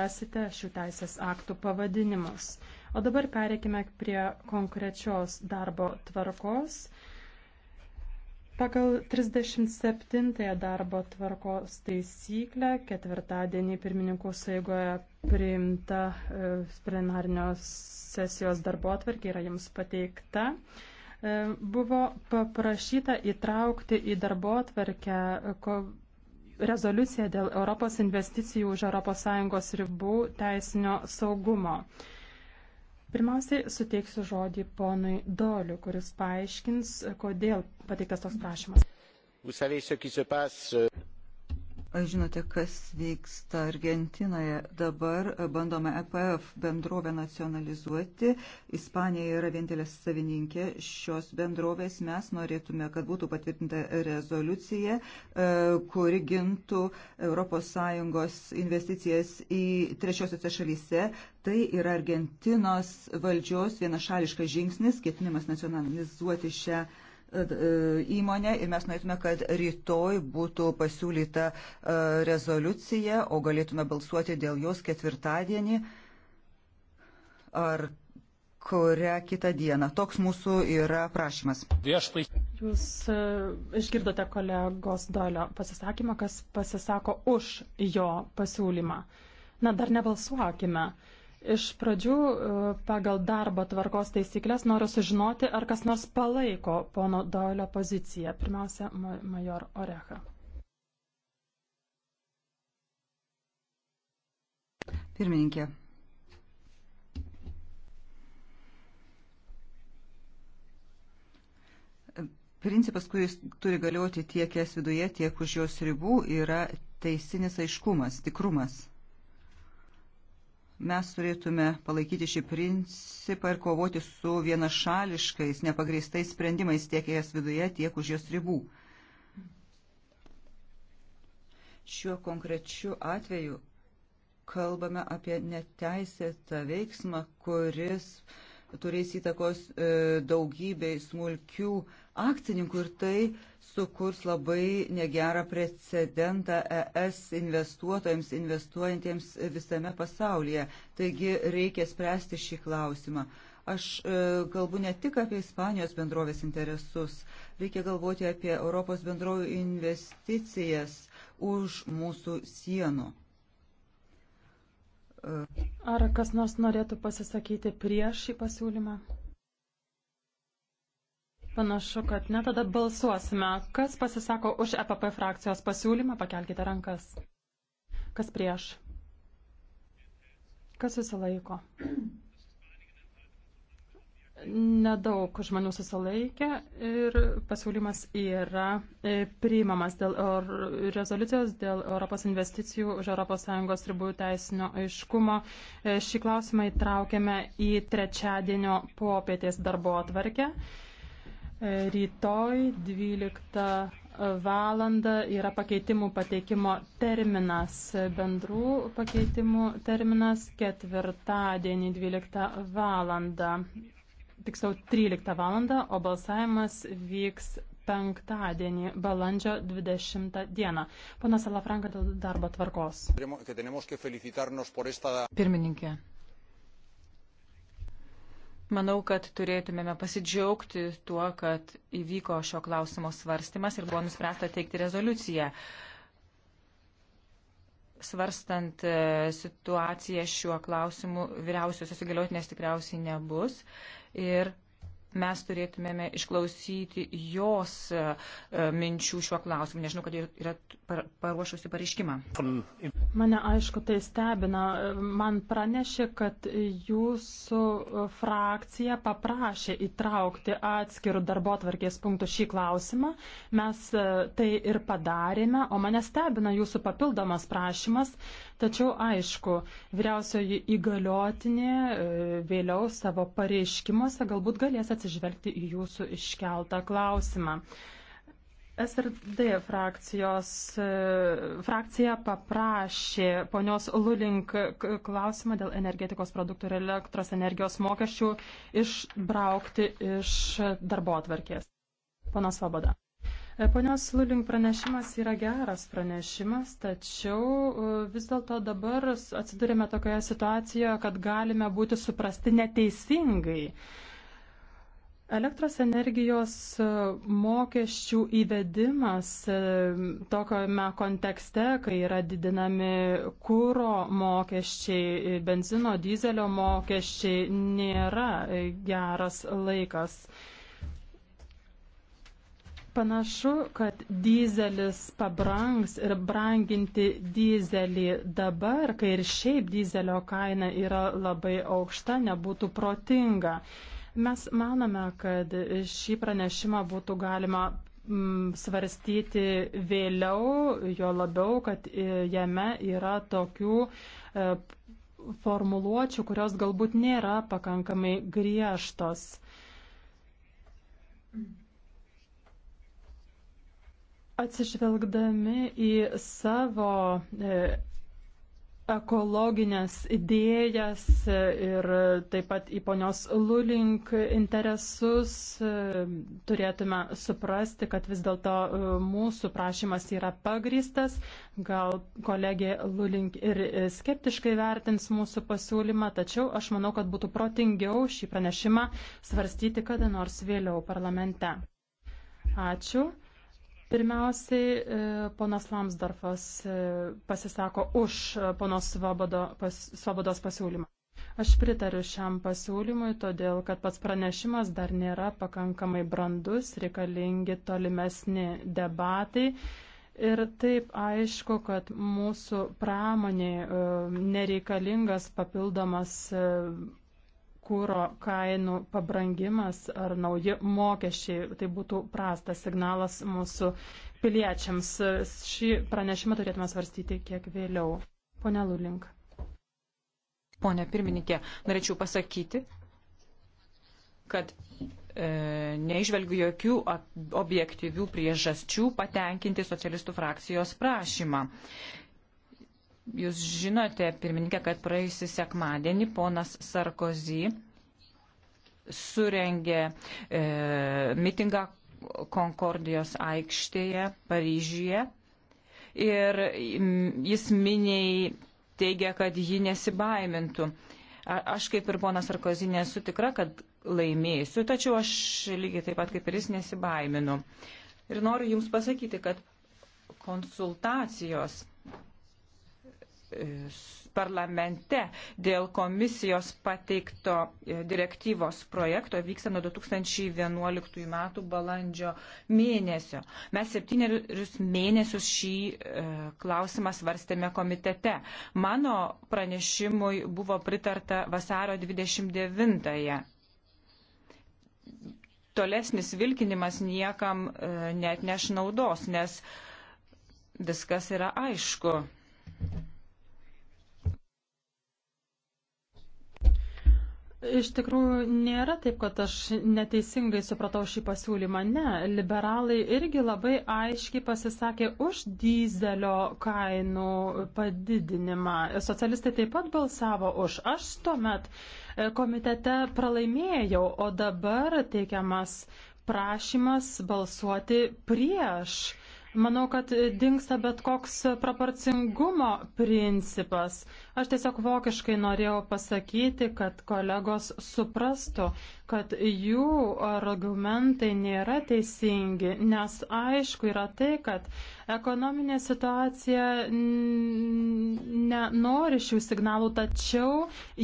rasite šių teisės aktų pavadinimus. O dabar pereikime prie konkrečios darbo tvarkos. Pagal 37 darbo tvarkos taisyklę ketvirtadienį pirmininkų saigoje priimta e, plenarnios sesijos darbo atvarkė yra jums pateikta e, buvo paprašyta įtraukti į darbo atvarkę rezoliuciją dėl Europos investicijų už ES ribų teisinio saugumo. Pirmiausiai suteiksiu žodį ponui Doliu, kuris paaiškins, kodėl pateiktas toks prašymas. Žinote, kas vyksta Argentinoje. Dabar bandome EPF bendrovę nacionalizuoti. Ispanija yra vienintelė savininkė šios bendrovės. Mes norėtume, kad būtų patvirtinta rezoliucija, e, kuri gintų ES investicijas į trečiosiuose šalyse. Tai yra Argentinos valdžios vienašališkas žingsnis, ketinimas nacionalizuoti šią E, e, įmonė ir mes norėtume, kad rytoj būtų pasiūlyta e, rezoliucija, o galėtume balsuoti dėl jos ketvirtadienį ar kurią kitą dieną. Toks mūsų yra prašymas. Jūs išgirdote kolegos Doilio pasisakymą, kas pasisako už jo pasiūlymą. Na, dar nebalsuokime. Iš pradžių e, pagal darbo tvarkos taisyklės noriu sužinoti, ar kas nors palaiko pono Doilio poziciją. Pirmiausia, major Oreha. Pirmininkė. Principas, kuris turi galioti tiek es viduje, tiek už jos ribų, yra teisinis aiškumas, tikrumas. Mes turėtume palaikyti šį principą ir kovoti su vienašališkais, nepagreistais sprendimais tiek jas viduje, tiek už jos ribų. Šiuo konkrečiu atveju kalbame apie neteisėtą veiksmą, kuris uh, turės įtakos e, daugybei smulkių akcininkų ir tai sukurs labai negerą precedentą ES investuotojams, investuojantiems visame pasaulyje. Taigi reikia spręsti šį klausimą. Aš e, kalbu ne tik apie Ispanijos bendrovės interesus, reikia galvoti apie Europos bendrovų investicijas už mūsų sienų. Ar kas nors norėtų pasisakyti prieš šį pasiūlymą? Panašu, kad ne tada balsuosime. Kas pasisako už EPP frakcijos pasiūlymą, pakelkite rankas. Kas prieš? Kas susilaiko? Nedaug žmonių susilaikė ir pasiūlymas yra e, priimamas dėl rezoliucijos dėl Europos investicijų už ES ribų teisinio aiškumo. E, šį klausimą įtraukėme į trečiadienio popietės darbo atvarkę. E, rytoj 12 valandą yra pakeitimų pateikimo terminas, bendrų pakeitimų terminas ketvirtadienį 12 valandą tiksliau 13 val. o balsavimas vyks penktadienį, balandžio 20 dieną. Pana Salafranka dėl darbo tvarkos. Pirmininkė. Manau, kad turėtumėme pasidžiaugti tuo, kad įvyko šio klausimo svarstymas ir buvo nuspręsta teikti rezoliuciją svarstant e, situaciją šiuo klausimu vyriausiosios įgaliotinės tikriausiai nebus. Ir mes turėtumėme išklausyti jos e, minčių šiuo klausimu. Nežinau, kad yra paruošusi pareiškimą. Mane aišku tai stebina. Man pranešė, kad jūsų frakcija paprašė įtraukti atskirų darbo atvarkės punktų šį klausimą. Mes e, tai ir padarėme, o mane stebina jūsų papildomas prašymas. Tačiau aišku, vyriausioji įgaliotinė e, vėliau savo pareiškimuose galbūt galės atsižvelgti į jūsų iškeltą klausimą. SRD frakcijos e, frakcija paprašė ponios Lulink klausimą dėl energetikos produktų ir elektros energijos mokesčių išbraukti iš darbo atvarkės. Ponas Svoboda. E, ponios Lulink pranešimas yra geras pranešimas, tačiau e, vis dėlto dabar atsidurime tokioje situacijoje, kad galime būti suprasti neteisingai. Elektros energijos e, mokesčių įvedimas e, tokiame kontekste, kai yra didinami kūro mokesčiai, e, benzino, dizelio mokesčiai, nėra geras laikas. Panašu, kad dizelis pabrangs ir branginti dizelį dabar, kai ir šiaip dizelio kaina yra labai aukšta, nebūtų protinga. Mes manome, kad šį pranešimą būtų galima mm, svarstyti vėliau, jo labiau, kad e, jame yra tokių e, formuluočių, kurios galbūt nėra pakankamai griežtos. Atsižvelgdami į savo e, ekologinės idėjas ir taip pat į ponios Lulink interesus turėtume suprasti, kad vis dėlto e, mūsų prašymas yra pagristas. Gal kolegė Lulink ir skeptiškai vertins mūsų pasiūlymą, tačiau aš manau, kad būtų protingiau šį pranešimą svarstyti kada nors vėliau parlamente. Ačiū. Pirmiausiai, e, ponas Lamsdorfas e, pasisako už e, ponos Svobodo, pas, Svobodos pasiūlymą. Aš pritariu šiam pasiūlymui, todėl kad pats pranešimas dar nėra pakankamai brandus, reikalingi tolimesni debatai. Ir taip aišku, kad mūsų pramonė nereikalingas papildomas kūro kainų pabrangimas ar nauji mokesčiai. Tai būtų prastas signalas mūsų piliečiams. Šį pranešimą turėtume svarstyti kiek vėliau. Pone Lulink. Pone pirmininkė, norėčiau pasakyti, kad e, neižvelgiu jokių objektyvių priežasčių patenkinti socialistų frakcijos prašymą. Jūs žinote, pirmininkė, kad praėjusį sekmadienį ponas Sarkozy surengė e, mitingą Konkordijos aikštėje Paryžyje ir jis miniai teigia, kad ji nesibaimintų. A, aš kaip ir ponas Sarkozy nesu tikra, kad laimėsiu, tačiau aš lygiai taip pat kaip ir jis nesibaiminu. Ir noriu Jums pasakyti, kad konsultacijos parlamente dėl komisijos pateikto e, direktyvos projekto vyksta nuo 2011 metų balandžio mėnesio. Mes septynerius mėnesius šį e, klausimą svarstėme komitete. Mano pranešimui buvo pritarta vasario 29-ąją. Tolesnis vilkinimas niekam e, net neš naudos, nes viskas yra aišku. Iš tikrųjų, nėra taip, kad aš neteisingai supratau šį pasiūlymą. Ne, liberalai irgi labai aiškiai pasisakė už dizelio kainų padidinimą. Socialistai taip pat balsavo už. Aš tuomet e, komitete pralaimėjau, o dabar teikiamas prašymas balsuoti prieš. Manau, kad dinksta bet koks proporcingumo principas. Aš tiesiog vokiškai norėjau pasakyti, kad kolegos suprastų, kad jų argumentai nėra teisingi, nes aišku yra tai, kad ekonominė situacija nenori šių signalų, tačiau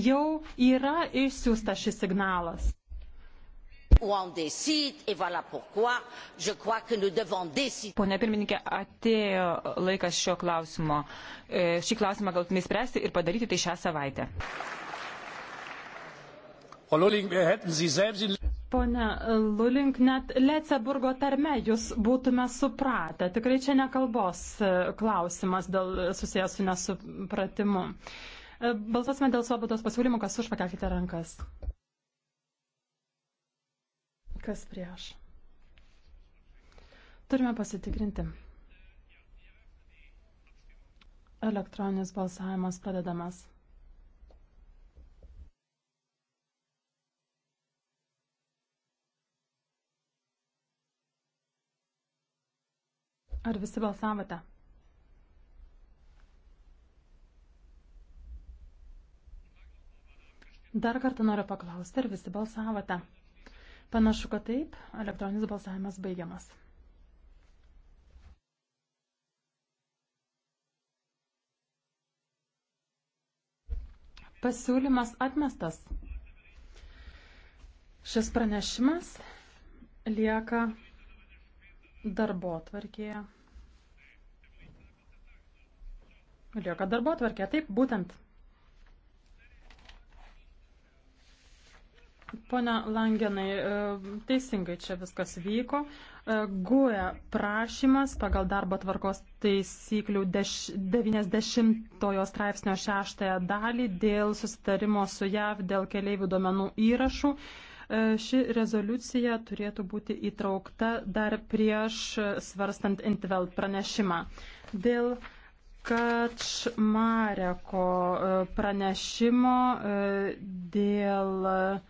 jau yra išsiųsta šis signalas où on décide, et voilà pourquoi je crois que nous devons décider. Pone pirmininkė, atėjo laikas šio klausimo. E, šį klausimą galtume spręsti ir padaryti tai šią savaitę. Pone Lulink, net Leceburgo tarme jūs būtume supratę. Tikrai čia nekalbos e, klausimas dėl susijęs su nesupratimu. E, balsuosime dėl svobodos pasiūlymų, kas už pakelkite rankas. Kas prieš? Turime pasitikrinti. Elektroninis balsavimas pradedamas. Ar visi balsavote? Dar kartą noriu paklausti, ar visi balsavote? Panašu, kad taip, elektroninis balsavimas baigiamas. Pasiūlymas atmestas. Šis pranešimas lieka darbo tvarkėje. Lieka darbo tvarkė, taip, būtent Pone Langenai, e, teisingai čia viskas vyko. E, Guoja prašymas pagal darbo tvarkos taisyklių 90 straipsnio 6 dalį dėl susitarimo su JAV dėl keleivių duomenų įrašų. E, ši rezoliucija turėtų būti įtraukta dar prieš svarstant Intveld pranešimą. Dėl Kačmareko pranešimo dėl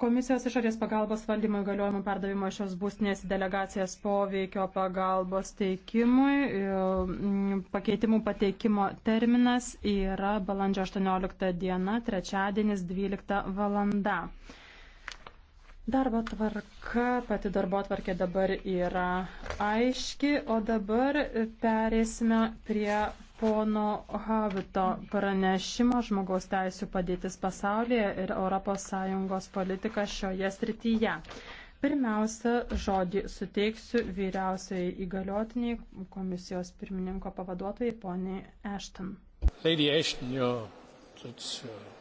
Komisijos išorės pagalbos valdymo įgaliojimų perdavimo šios būstinės delegacijas poveikio pagalbos teikimui. E, pakeitimų pateikimo terminas yra balandžio 18 diena, trečiadienis 12 valanda. Darbo tvarka, pati darbo tvarkė dabar yra aiški, o dabar perėsime prie pono Havito pranešimo žmogaus teisų padėtis pasaulyje ir ES politika šioje srityje. Pirmiausia, žodį suteiksiu vyriausiai įgaliotiniai komisijos pirmininko pavaduotojai poniai Ashton. Lady Ashton, your, that's, your... Uh,